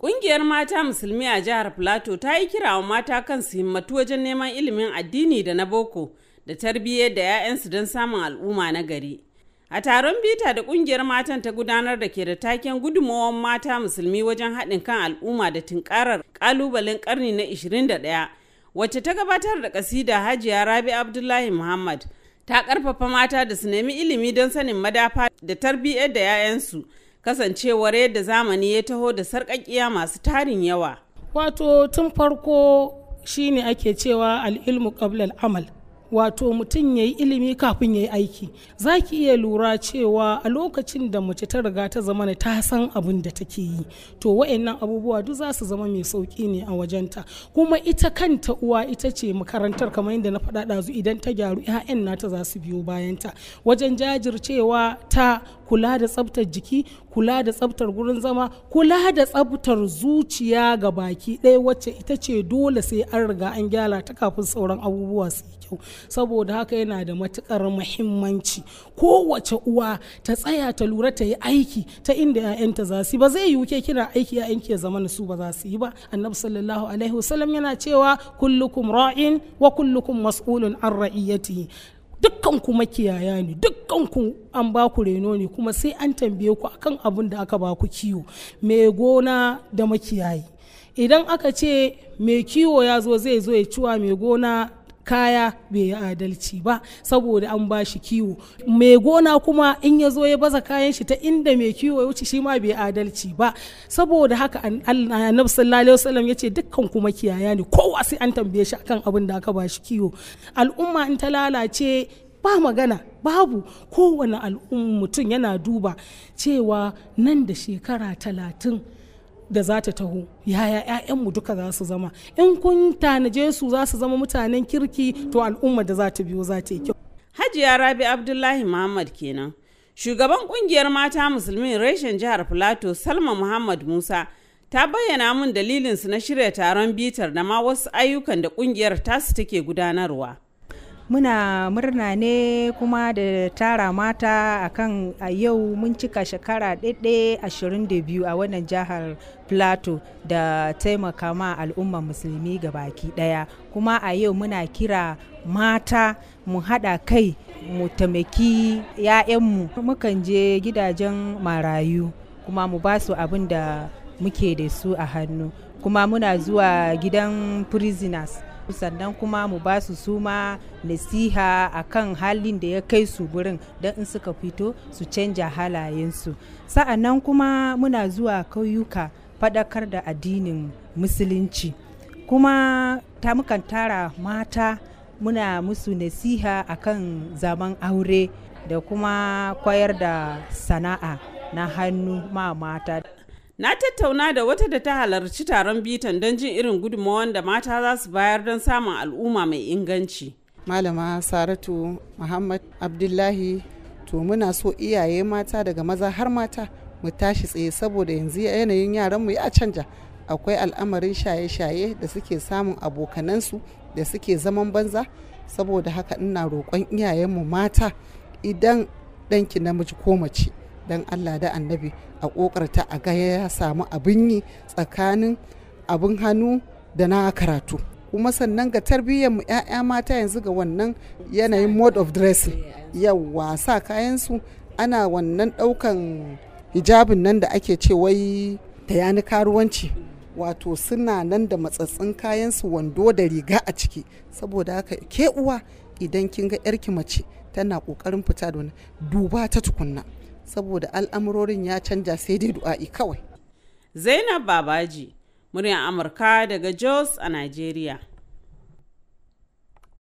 Ƙungiyar mata musulmi a jihar Plateau ta yi kira wa mata kan su himmatu wajen neman ilimin addini da na boko da tarbiyyar da 'ya'yansu don samun al'umma na gari. A taron bita da ƙungiyar matan ta gudanar da ke da taken gudunmawar mata musulmi wajen haɗin kan al'umma da tunkarar ƙalubalen ƙarni na 21 wacce ta gabatar da kasida Hajiya Rabi Abdullahi Muhammad ta ƙarfafa mata da su nemi ilimi don sanin madafa da tarbiyyar da 'ya'yansu. kasancewar yadda zamani ya taho da sarƙaƙiya masu tarin yawa. Wato tun farko shine ake cewa al'ilmu qablal amal wato mutum ya yi ilimi kafin ya yi aiki za ki iya lura cewa a lokacin da mace ta riga ta zama ta san abin da take yi to wa'annan abubuwa duk za su zama mai sauki ne a wajenta kuma ita kanta uwa ita ce makarantar kamar yadda na faɗa ɗazu idan ta gyaru 'ya'yan nata za su biyo bayanta wajen jajircewa ta kula da tsabtar jiki kula da tsabtar gurin zama kula da tsabtar zuciya ga baki ɗaya wacce ita ce dole sai an riga an gyara ta kafin sauran abubuwa su yi kyau saboda haka yana da matukar muhimmanci kowace uwa ta tsaya ta lura ta yi aiki ta inda 'ya'yanta za su yi ba zai yi wuke kina aiki 'ya'yan ya zama su ba za su yi ba annabi sallallahu alaihi wasallam yana cewa kullukum ra'in wa kullukum mas'ulun an ra'iyatihi dukkan ku makiyaya ne dukkan ku an ba ku reno ne kuma sai an tambaye ku akan abin da aka ba ku kiwo mai gona da makiyayi idan aka ce mai kiwo ya zo zai zo ya ciwa mai gona kaya bai yi adalci ba saboda an ba shi kiwo mai gona kuma in ya zo ya baza kayan shi ta inda mai kiwo ya wuce shi ma bai adalci ba saboda haka annabi sallallahu alaihi wasallam ya ce dukkan kuma kiyaya ne kowa sai an tambaye shi akan abin da aka ba shi kiwo al'umma in ta lalace ba magana babu kowane al'umma mutum yana duba cewa nan da shekara talatin da za ta taho yaya 'ya'yanmu duka za su zama in kun tanaje su za su zama mutanen kirki to al'umma da za ta biyo za ta yi kyau hajiya rabi abdullahi muhammad kenan shugaban kungiyar mata musulmi reshen jihar filato salma muhammad musa ta bayyana mun dalilinsu na shirya taron bitar da ma wasu ayyukan da kungiyar tasu take gudanarwa muna murna ne kuma da tara mata akan a yau mun cika shekara ɗaiɗe biyu a wannan jihar plateau da taimaka ma al'ummar musulmi ga baki ɗaya kuma a yau muna kira mata mu haɗa kai mu taimaki 'ya'yanmu mukan je gidajen marayu kuma mu ba su abin da muke da su a hannu kuma muna zuwa gidan prisoners sannan kuma mu ba su suma nasiha a kan halin da ya kai su gurin don in suka fito su canja halayensu sa'annan kuma muna zuwa kauyuka faɗakar da addinin musulunci kuma ta mukan tara mata muna musu nasiha a kan zaman aure da kuma koyar da sana'a na hannu ma mata Na tattauna da wata da ta halarci taron bitan don jin irin gudunmawar da mata za su bayar don samun al'umma mai inganci. Malama Saratu Muhammad Abdullahi to muna so iyaye mata daga maza har mata mu tashi tsaye saboda yanzu yanayin yaran mu ya canja akwai al'amarin shaye-shaye da suke samun abokanansu da suke zaman banza saboda haka ina roƙon iyayenmu mata idan ɗanki namiji ko mace dan allah da annabi a kokarta a ga ya samu abin yi tsakanin abin hannu da na karatu kuma sannan ga tarbiyyar mu 'ya'ya mata yanzu ga wannan yanayin mode of dressing yawa sa kayansu ana wannan ɗaukan hijabin nan da ake ce wai ta yani karuwanci wato suna nan da matsatsin kayansu wando da riga a ciki saboda haka ke uwa idan kin ga yarki mace tana kokarin fita da wani duba ta tukunna saboda al'amurorin ya canja sai dai du'a'i kawai zainab babaji muryar amurka daga jos a Najeriya.